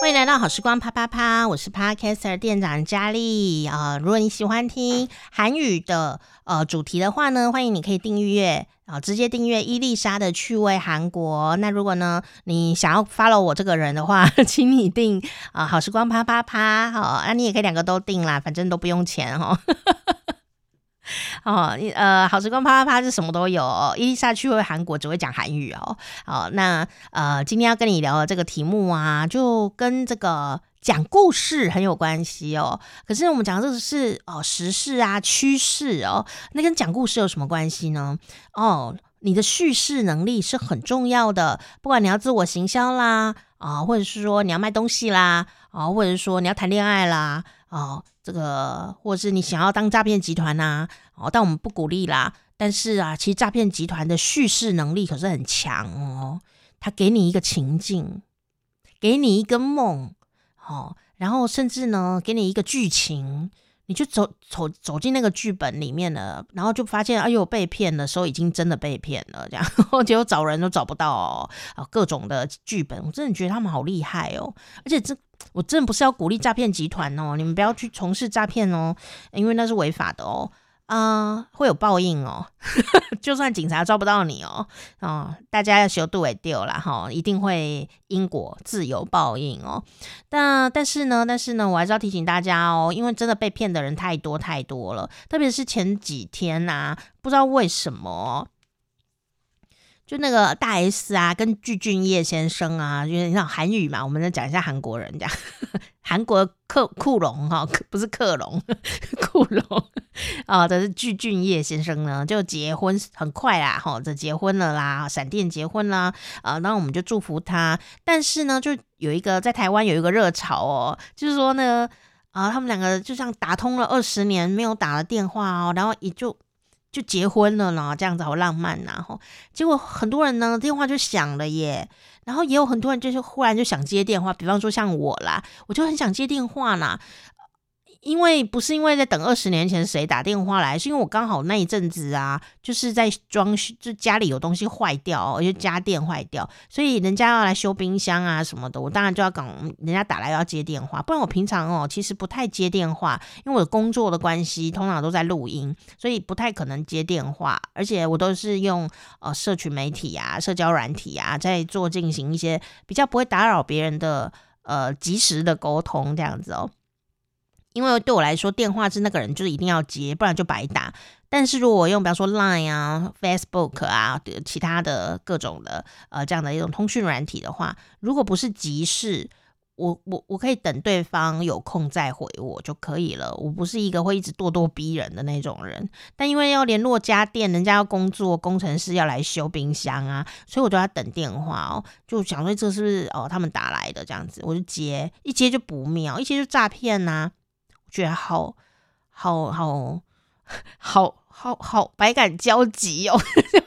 歡迎來到好時光啪啪啪，我是 Podcaster 店長佳麗啊、呃。如果你喜歡聽韓語的呃主題的話呢，歡迎你可以訂閱啊、呃，直接訂閱伊麗莎的趣味韓國。那如果呢你想要 follow 我這個人的話，請你訂啊、呃、好時光啪啪啪好、哦，那你也可以兩個都訂啦，反正都不用錢哈、哦。 哦，你呃，好時光啪啪啪是什麼都有、哦。伊麗莎去會韓國，只會講韓語哦。好、哦，那呃，今天要跟你聊的這個題目啊，就跟這個講故事很有關係哦。可是我們講的是哦時事啊趨勢哦，那跟講故事有什麼關係呢？哦，你的敘事能力是很重要的，不管你要自我行銷啦啊、哦，或者是說你要賣東西啦啊、哦，或者說你要談戀愛啦。哦，這個或者是你想要當詐騙集團吶、啊？哦，但我們不鼓勵啦。但是啊，其實詐騙集團的敘事能力可是很強哦。他給你一個情境，給你一個夢，哦，然後甚至呢，給你一個劇情，你就走走走進那個劇本裡面了，然後就發現，哎呦，被騙的時候已經真的被騙了，這樣結果找人都找不到哦。啊、哦，各種的劇本，我真的覺得他們好厲害哦，而且這。我真的不是要鼓勵詐騙集團哦，你們不要去從事詐騙哦，因為那是違法的哦，啊、呃，會有報應哦， 就算警察抓不到你哦，啊、哦，大家要修度也丟啦，哈、哦，一定會因果自有報應哦。但但是呢，但是呢，我還是要提醒大家哦，因為真的被騙的人太多太多了，特別是前幾天啊，不知道為什麼。就那個大 S 啊，跟具俊曄先生啊，因為你知道韓語嘛，我們在講一下韓國人家韓國的克庫隆哈、哦，不是克隆庫隆啊、呃，這是具俊曄先生呢，就結婚很快啦，哈、哦，這結婚了啦，閃電結婚啦，啊、呃，然後我們就祝福他，但是呢，就有一個在台灣有一個熱潮哦，就是說呢，啊、呃，他們兩個就像打通了二十年沒有打了電話哦，然後也就。就結婚了呢，這樣子好浪漫吶！吼，結果很多人呢，電話就響了耶，然後也有很多人就是忽然就想接電話，比方說像我啦，我就很想接電話呢。因為不是因為在等二十年前誰打電話來，是因為我剛好那一陣子啊，就是在裝修，就家裡有東西壞掉，哦，而且家電壞掉，所以人家要來修冰箱啊什麼的，我當然就要講人家打來要接電話，不然我平常哦其實不太接電話，因為我的工作的關係，通常都在錄音，所以不太可能接電話，而且我都是用呃，社群媒體啊，社交軟體啊，在做進行一些比較不會打擾別人的呃及時的溝通這樣子哦。因為對我來說，電話是那個人就是一定要接，不然就白打。但是如果我用，比方說 Line 啊、Facebook 啊、其他的各種的呃這樣的一種通訊軟體的話，如果不是急事，我我我可以等對方有空再回我就可以了。我不是一個會一直咄咄逼人的那種人。但因為要聯絡家電，人家要工作，工程師要來修冰箱啊，所以我就要等電話哦，就想說這是不是哦他們打來的這樣子，我就接，一接就不妙，一接就詐騙吶、啊。覺得好好好好好好，好百感交集哦，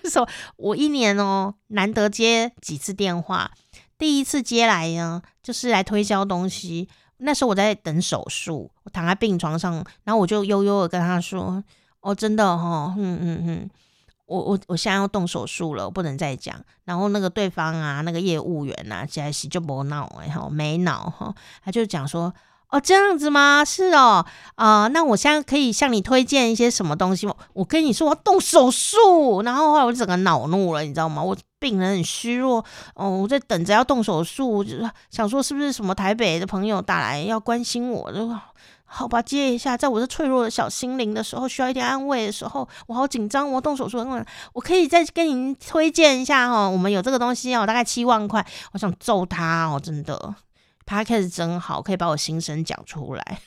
就是說我一年哦難得接幾次電話，第一次接來呢、啊、就是來推銷東西。那時候我在等手術，我躺在病床上，然後我就悠悠的跟他說：“哦、oh，真的哦，嗯嗯嗯，我我我現在要動手術了，我不能再講。”然後那個對方啊，那個業務員啊，其實就沒腦哎哈，沒腦哈、哦，他就講說。哦，這樣子嗎？是哦，啊、呃，那我現在可以向你推薦一些什麼東西嗎？我跟你說，我要動手術，然後話我就整個惱怒了，你知道嗎？我病人很虛弱，哦，我在等着要動手術，就是想說是不是什麼台北的朋友打來要關心我，就說好吧，接一下，在我這脆弱的小心靈的時候，需要一點安慰的時候，我好緊張，我動手術，我可以再跟您推薦一下哈、哦，我們有這個東西我大概七萬塊，我想揍他哦，真的。Podcast 真好，可以把我心聲講出來。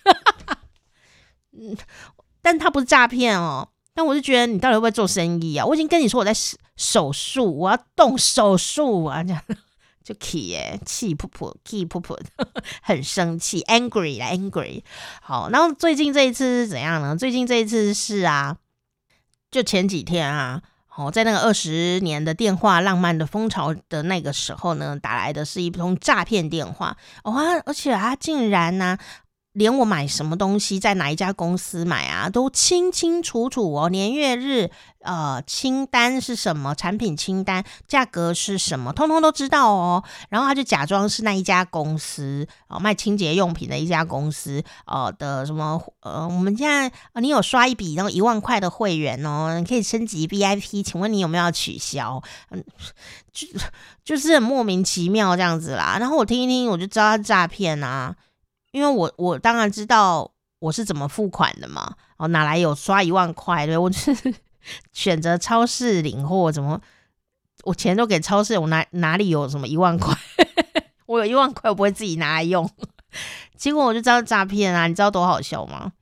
嗯， 但他不是詐騙哦。但我就覺得，你到底會不會做生意啊？我已經跟你說，我在手手術，我要動手術啊！這樣就氣耶，欸，氣噗噗，氣噗噗，呵呵很生氣，angry，angry。好，然後最近這一次是怎樣呢？最近這一次是啊，就前幾天啊。哦，在那個二十年的電話浪漫的風潮的那個時候呢，打來的是一通詐騙電話。哇、哦啊，而且啊，竟然呢、啊。連我買什麼東西，在哪一家公司買啊，都清清楚楚哦。年月日，呃，清單是什麼？產品清單、價格是什麼？通通都知道哦。然後他就假裝是那一家公司，哦、呃，賣清潔用品的一家公司，哦、呃、的什麼，呃，我們現在啊、呃，你有刷一筆，那一萬塊的會員哦，你可以升級 VIP，請問你有沒有取消？嗯，就就是很莫名其妙這樣子啦。然後我聽一聽，我就知道他詐騙啊。因為我我當然知道我是怎麼付款的嘛，哦，哪來有刷一萬塊？對，我就是選擇超市領貨，怎麼我錢都給超市，我哪哪裡有什麼一萬塊？ 我有一萬塊，我不會自己拿來用，結果我就知道詐騙啊！你知道多好笑嗎？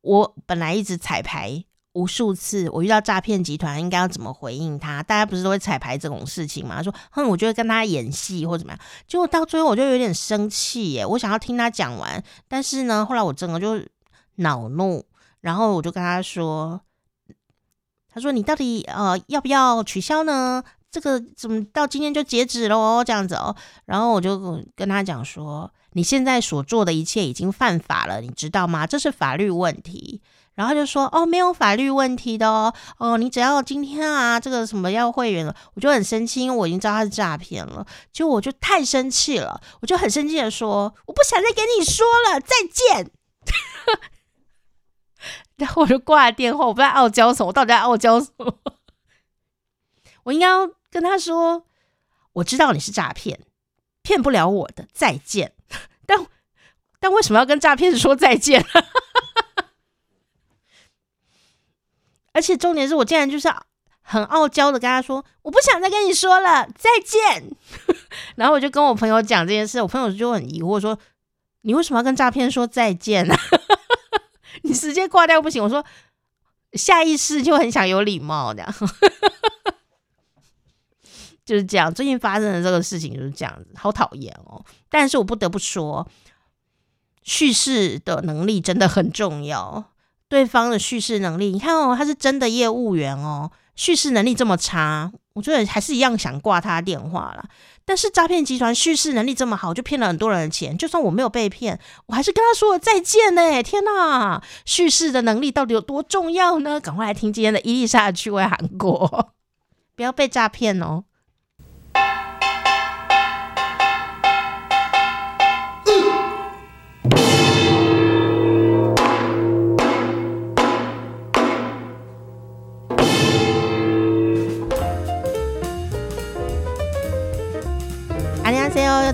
我本來一直彩排，無數次，我遇到詐騙集團，應該要怎麼回應他？大家不是都會彩排這種事情嗎？他說：“哼，我就會跟他演戲，或者怎麼樣。”結果到最後，我就有點生氣耶。我想要聽他講完，但是呢，後來我真的就惱怒，然後我就跟他說：“他說你到底呃要不要取消呢？這個怎麼到今天就截止了？這樣子哦、喔。”然後我就跟他講說：“你現在所做的一切已經犯法了，你知道嗎？這是法律問題。”然後就說：“哦，沒有法律問題的哦，哦，你只要今天啊，這個什麼要會員了，我就很生氣，因為我已經知道他是詐騙了，就我就太生氣了，我就很生氣的說，我不想再跟你說了，再見。 ”然後我就掛電話，我不知道傲嬌什麼，我到底在傲嬌什麼？我應該要跟他說：“我知道你是詐騙，騙不了我的，再見。但”但但為什麼要跟詐騙說再見？ 而且重點是我竟然就是很傲嬌的跟他說，我不想再跟你說了再見， 然後我就跟我朋友講這件事，我朋友就很疑惑說，你為什麼要跟詐騙說再見呢、啊？ 你直接掛掉不行？我說下意識就很想有禮貌的，這樣 就是這樣。最近發生的這個事情就是這樣，好討厭哦！但是我不得不說，敘事的能力真的很重要。對方的敘事能力，你看哦，他是真的業務員哦，敘事能力這麼差，我覺得還是一樣想掛他電話啦。但是詐騙集團敘事能力這麼好，就騙了很多人的錢。就算我沒有被騙，我還是跟他說了再見呢、欸。天哪，敘事的能力到底有多重要呢？趕快來聽今天的伊麗莎的趣味韓國， 不要被詐騙哦。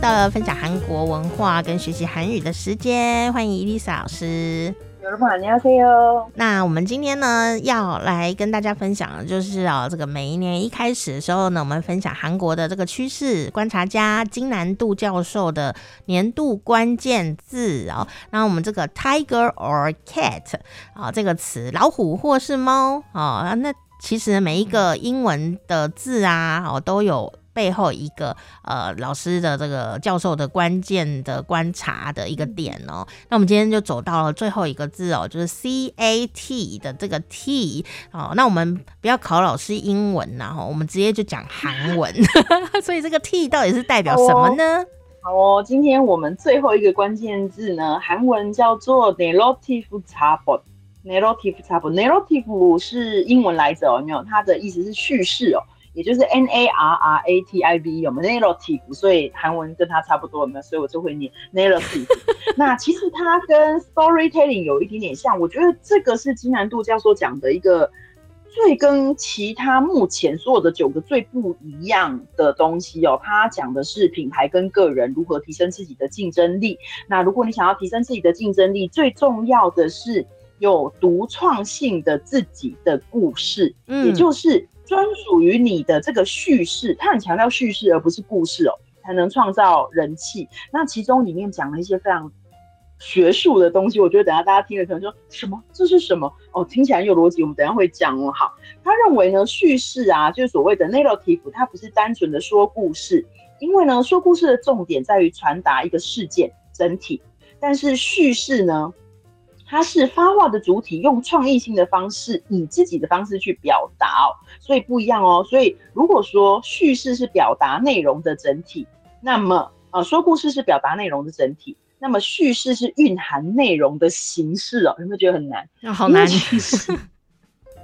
到了分享韓國文化跟學習韓語的時間，歡迎伊麗莎老師。有人朋你要你喲。那我們今天呢，要來跟大家分享的就是哦，這個每一年一開始的時候呢，我們分享韓國的這個趨勢觀察家金南度教授的年度關鍵字哦。那我們這個 tiger or cat 啊、哦，這個詞，老虎或是貓哦。那其實每一個英文的字啊哦，都有。背後一個呃老師的這個教授，的關鍵的觀察的一個點哦、喔，那我們今天就走到了最後一個字哦、喔，就是 C A T 的這個 T 哦、喔，那我們不要考老師英文然後、喔、我們直接就講韓文， 所以這個 T 到底是代表什麼呢？好哦，哦，今天我們最後一個關鍵字呢，韓文叫做내러티브자본，내러티브자본，내러티브是英文來着哦、喔，沒有，它的意思是敘事哦、喔。也就是 n a r r a t i v e，有沒有 narrative，所以韓文跟它差不多，有沒有？所以我就會念 narrative。 那其實它跟 storytelling 有一,一點點像。我覺得這個是金南度教授講的一個最跟其他目前所有的九個最不一樣的東西哦、喔。他講的是品牌跟個人如何提升自己的競爭力。那如果你想要提升自己的競爭力，最重要的是有獨創性的自己的故事，嗯、也就是專屬於你的這個敘事，他很強調敘事而不是故事哦，才能創造人氣。那其中裡面講了一些非常學術的東西，我覺得等下大家聽了可能說什麼？這是什麼？哦，聽起來有邏輯。我們等下會講哦，好。他認為呢，敘事啊，就是所謂的 narrative，他不是單純的說故事，因為呢，說故事的重點在於傳達一個事件整體，但是敘事呢？它是發話的主體，用創意性的方式，以自己的方式去表達哦，所以不一樣哦。所以如果說敘事是表達內容的整體，那麼呃，說故事是表達內容的整體，那麼敘事是蘊含內容的形式哦。有沒有覺得很難？那好難。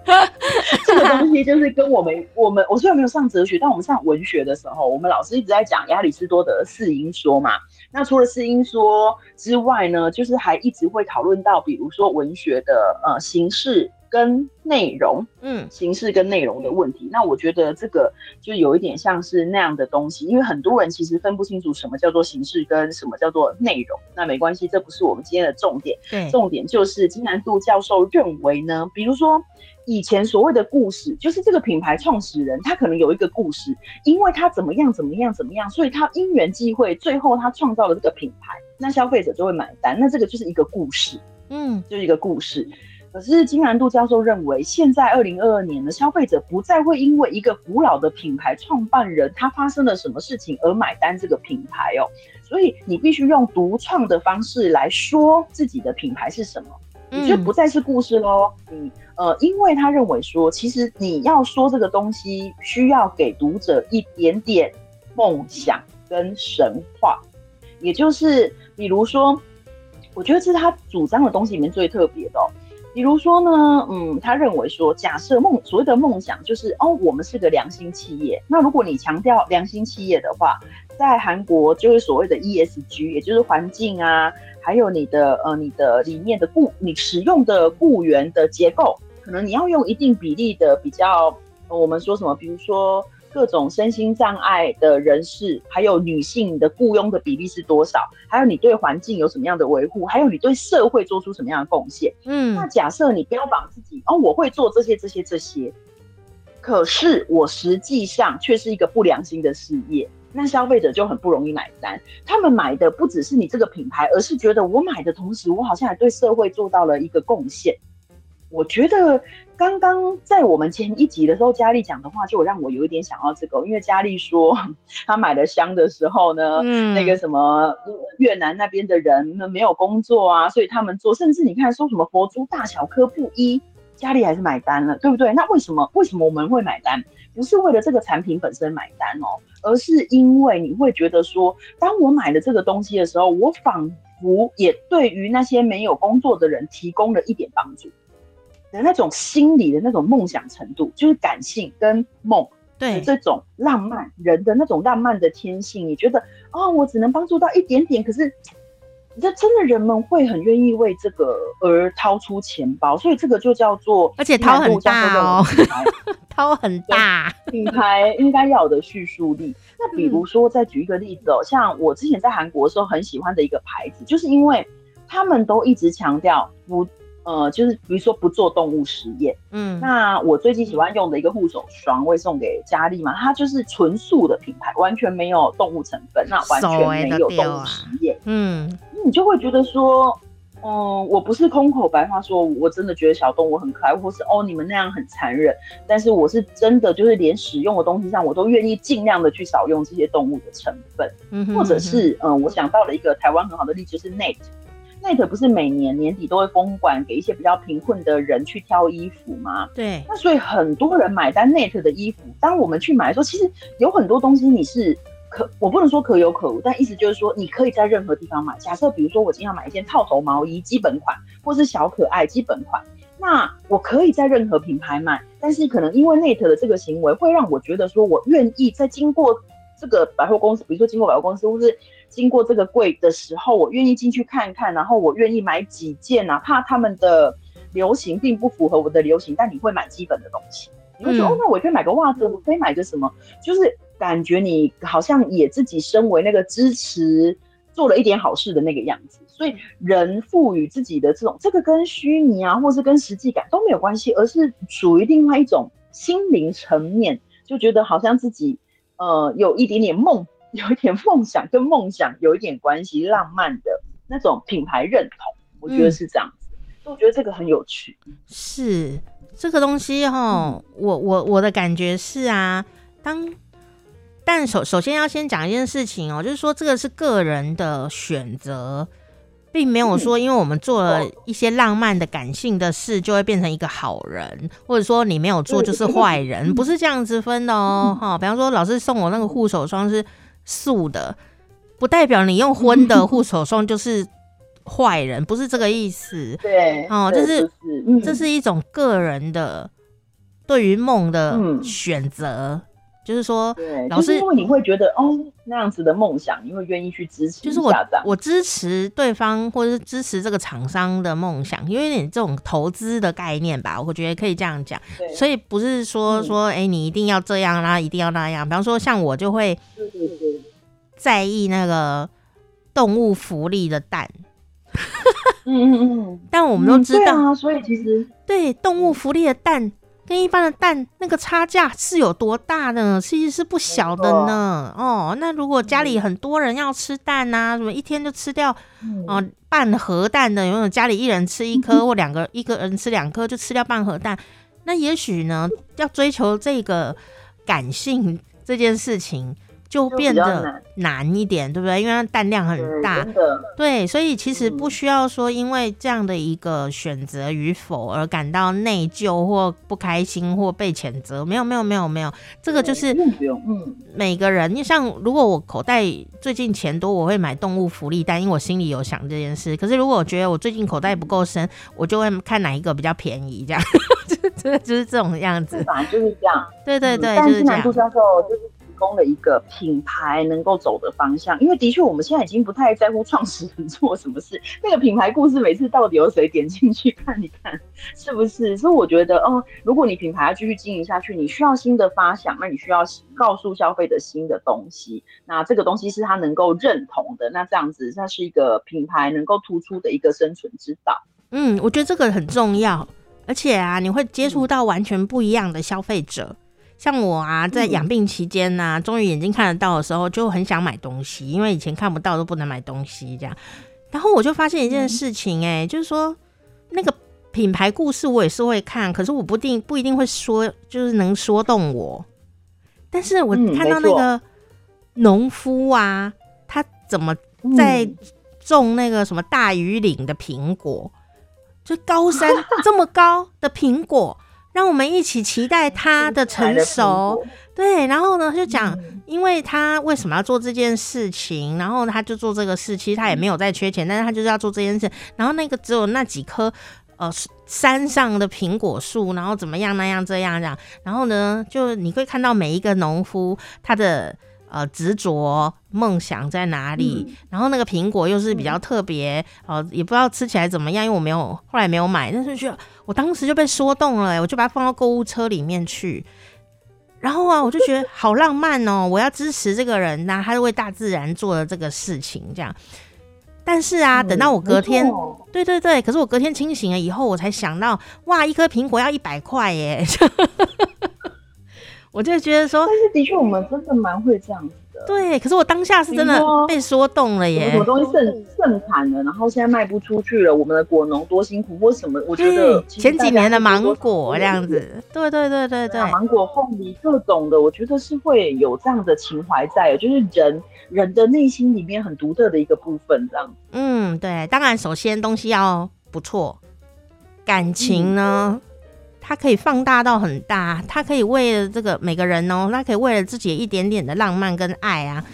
這個東西就是跟我們，我們我雖然沒有上哲學，但我們上文學的時候，我們老師一直在講亞里士多德四因說嘛。那除了四因說之外呢，就是還一直會討論到，比如說文學的呃形式，跟內容，嗯，形式跟內容的問題，那我覺得這個就有一點像是那樣的東西，因為很多人其實分不清楚什麼叫做形式跟什麼叫做內容。那沒關係，這不是我們今天的重點。對，嗯，重點就是金南度教授認為呢，比如說以前所謂的故事，就是這個品牌創始人他可能有一個故事，因為他怎麼樣怎麼樣怎麼樣，所以他因緣際會，最後他創造了這個品牌，那消費者就會買單。那這個就是一個故事，嗯，就是一個故事。可是金南度教授認為，現在二零二二年的消費者不再會因為一個古老的品牌創辦人他發生了什麼事情而買單這個品牌哦，所以你必須用獨創的方式來說自己的品牌是什麼，你就不再是故事嘍。嗯，呃，因為他認為說，其實你要說這個東西，需要給讀者一點點夢想跟神話，也就是比如說，我覺得這是他主張的東西裡面最特別的哦。比如說呢，嗯，他認為說假，假設夢所謂的夢想就是哦，我們是個良心企業。那如果你強調良心企業的話，在韓國就是所謂的 ESG，也就是環境啊，還有你的呃你的裡面的雇你使用的雇員的結構，可能你要用一定比例的比較。呃、我們說什麼？比如說。各種身心障礙的人士，還有女性的雇傭的比例是多少？還有你對環境有什麼樣的維護？還有你對社會做出什麼樣的貢獻？嗯，那假設你標榜自己哦，我會做這些、這些、這些，可是我實際上卻是一個不良心的事業，那消費者就很不容易買單。他們買的不只是你這個品牌，而是覺得我買的同時，我好像還對社會做到了一個貢獻。我覺得剛剛在我們前一集的時候，佳麗講的話就讓我有一點想要這個、喔，因為佳麗說她買了香的時候呢，嗯，那個什麼越南那邊的人沒有工作啊，所以他們做，甚至你看說什麼佛珠大小顆不一，佳麗還是買單了，對不對？那為什麼為什麼我們會買單？不是為了這個產品本身買單哦、喔，而是因為你會覺得說，當我買了這個東西的時候，我仿佛也對於那些沒有工作的人提供了一點幫助。那種心理的那種夢想程度，就是感性跟夢，對這種浪漫人的那種浪漫的天性，你覺得哦，我只能幫助到一點點，可是，這真的人們會很願意為這個而掏出錢包，所以這個就叫做，而且掏很大哦，對 掏很大，品牌應該要有的敘述力。那比如說、嗯、再舉一個例子哦，像我之前在韓國的時候很喜歡的一個牌子，就是因為他們都一直強調不。呃，就是比如說不做動物實驗，嗯，那我最近喜歡用的一個護手霜，會送給佳麗嘛？它就是純素的品牌，完全沒有動物成分，那完全沒有動物實驗，嗯，你就會覺得說，嗯、呃，我不是空口白話說，說我真的覺得小動物很可愛，或是哦你們那樣很殘忍，但是我是真的就是連使用的東西上，我都願意盡量的去少用這些動物的成分，嗯哼哼，或者是嗯、呃，我想到了一個台灣很好的例子，是 Net。Net 不是每年年底都會封館給一些比較貧困的人去挑衣服嗎？對。那所以很多人買單 Net 的衣服，當我們去買的時候，其實有很多東西你是可，我不能說可有可無，但意思就是說你可以在任何地方買。假設比如說我今天要買一件套頭毛衣基本款，或是小可愛基本款，那我可以在任何品牌買，但是可能因為 Net 的這個行為會讓我覺得說我願意在經過這個百貨公司，比如說經過百貨公司或是。經過這個櫃的時候，我願意進去看看，然後我願意買幾件，哪怕他們的流行並不符合我的流行。但你會買基本的東西，你會說、嗯、哦，那我也可以買個襪子，我可以買個什麼？就是感覺你好像也自己身為那個支持做了一點好事的那個樣子。所以人賦予自己的這種，這個跟虛擬啊，或是跟實際感都沒有關係，而是屬於另外一種心靈層面，就覺得好像自己呃有一點點夢。有一點夢想跟夢想有一點關係，浪漫的那種品牌認同，我覺得是這樣子。所以，嗯，我覺得這個很有趣。是這個東西哈，我我我的感覺是啊，當但首首先要先講一件事情哦，喔，就是說這個是個人的選擇，並沒有說因為我們做了一些浪漫的感性的事，就會變成一個好人，或者說你沒有做就是壞人，不是這樣子分的哦。哈，比方說老師送我那個護手霜是素的，不代表你用葷的護手霜就是壞人， 不是這個意思。哦、對，哦是，就是、嗯、這是、這是一種個人的對於夢的選擇。嗯就是說，對老師，因為你會覺得哦，那樣子的夢想，你會願意去支持。就是我，我支持對方，或者是支持這個廠商的夢想，因為你這種投資的概念吧，我覺得可以這樣講。對所以不是說、嗯、說，哎、欸，你一定要這樣啦，啊，一定要那樣。比方說，像我就會在意那個動物福利的蛋。但我們都知道、嗯、啊，所以其實對動物福利的蛋。跟一般的蛋那個差價是有多大的呢？其實是不小的呢。哦，那如果家裡很多人要吃蛋啊，什麼一天就吃掉哦、呃、半盒蛋的，有種家裡一人吃一顆或兩個，一個人吃兩顆就吃掉半盒蛋，那也許呢要追求這個感性這件事情，就變得難一點，對不對？因為它蛋量很大，對，對，所以其實不需要說因為這樣的一個選擇與否而感到內疚或不開心或被譴責。沒有，沒有，沒有，沒有，這個就是，每個人。你像，如果我口袋最近錢多，我會買動物福利蛋，但因為我心裡有想這件事。可是如果我覺得我最近口袋不夠深，我就會看哪一個比較便宜，這樣， 就是這種樣子。反正就是這樣。對對對，就是這樣。供的一個品牌能夠走的方向，因為的確，我們現在已經不太在乎創始人做什麼事。那個品牌故事，每次到底有誰點進去看一看，是不是？所以我覺得，哦，如果你品牌要繼續經營下去，你需要新的發想，那你需要告訴消費者的新的東西。那這個東西是他能夠認同的。那這樣子，它是一個品牌能夠突出的一個生存之道。嗯，我覺得這個很重要。而且啊，你會接觸到完全不一樣的消費者。像我啊，在養病期間呢、啊，嗯、終於眼睛看得到的時候，就很想買東西，因為以前看不到都不能買東西這樣。然後我就發現一件事情、欸，哎、嗯，就是說那個品牌故事我也是會看，可是我不定不一定會說，就是能說動我。但是我看到那個農夫啊，嗯、他怎麼在種那個什麼大禹嶺的蘋果，嗯、就高山 這麼高的蘋果。讓我們一起期待他的成熟，對。然後呢，就講，因為他為什麼要做這件事情？然後他就做這個事，其實他也沒有在缺錢，但是他就是要做這件事。然後那個只有那幾棵呃山上的蘋果樹，然後怎麼樣那樣這樣這樣。然後呢，就你會看到每一個農夫他的。呃，執着夢想在哪裡？嗯、然後那個蘋果又是比較特別，嗯、呃，也不知道吃起來怎麼樣，因為我沒有，後來沒有買。但是就，我當時就被說動了，欸，我就把它放到購物車裡面去。然後啊，我就覺得好浪漫哦， 我要支持這個人吶，啊，他為大自然做了這個事情，這樣。但是啊，等到我隔天，嗯、對對對，可是我隔天清醒了以後，我才想到，哇，一顆蘋果要一百塊耶，欸。 我就覺得說，但是的確，我們真的蠻會這樣子的。對，可是我當下是真的被說動了耶。我、嗯、東西盛盛產了，然後現在賣不出去了。我們的果農多辛苦，或什麼，對我覺得，覺得前幾年的芒果這樣子，樣子對，對對對對對，芒果、鳳梨各種的，我覺得是會有這樣的情懷在，就是人人的內心裡面很獨特的一個部分這樣。嗯，對，當然首先東西要不錯，感情呢。嗯它可以放大到很大，它可以為了這個每個人哦，它可以為了自己一點點的浪漫跟愛啊，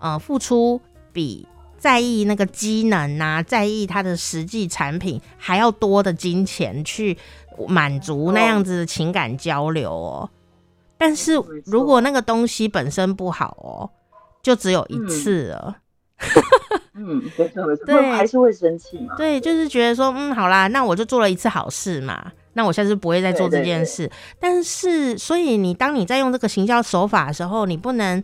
呃，付出比在意那個機能啊，在意它的實際產品還要多的金錢去滿足那樣子的情感交流哦。但是如果那個東西本身不好哦，就只有一次了。嗯 對，還是會生氣嘛？對，就是覺得說，嗯，好啦，那我就做了一次好事嘛。那我現在就不會再做這件事。對對對，但是，所以你當你在用這個行銷手法的時候，你不能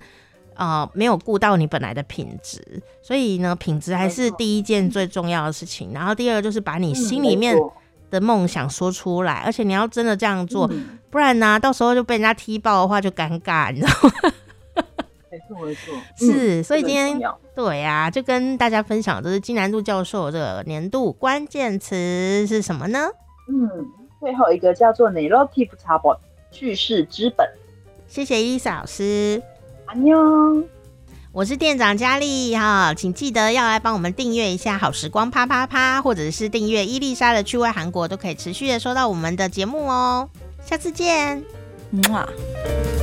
呃沒有顧到你本來的品質。所以呢，品質還是第一件最重要的事情。沒錯，然後，第二就是把你心裡面的夢想說出來，沒錯，而且你要真的這樣做，沒錯，不然呢，到時候就被人家踢爆的話就尷尬，你知道嗎？嗯、 是，所以今天、嗯、對呀、啊，就跟大家分享就是金南度教授的這個年度關鍵詞是什麼呢？嗯。最後一個叫做 Narrative Capital, 敘事資本，謝謝伊莎老師。安妞，我是店長佳麗哈、哦，請記得要來幫我們訂閱一下好時光啪啪啪，或者是訂閱伊麗莎的趣味韓國，都可以持續的收到我們的節目哦。下次見，啊、嗯。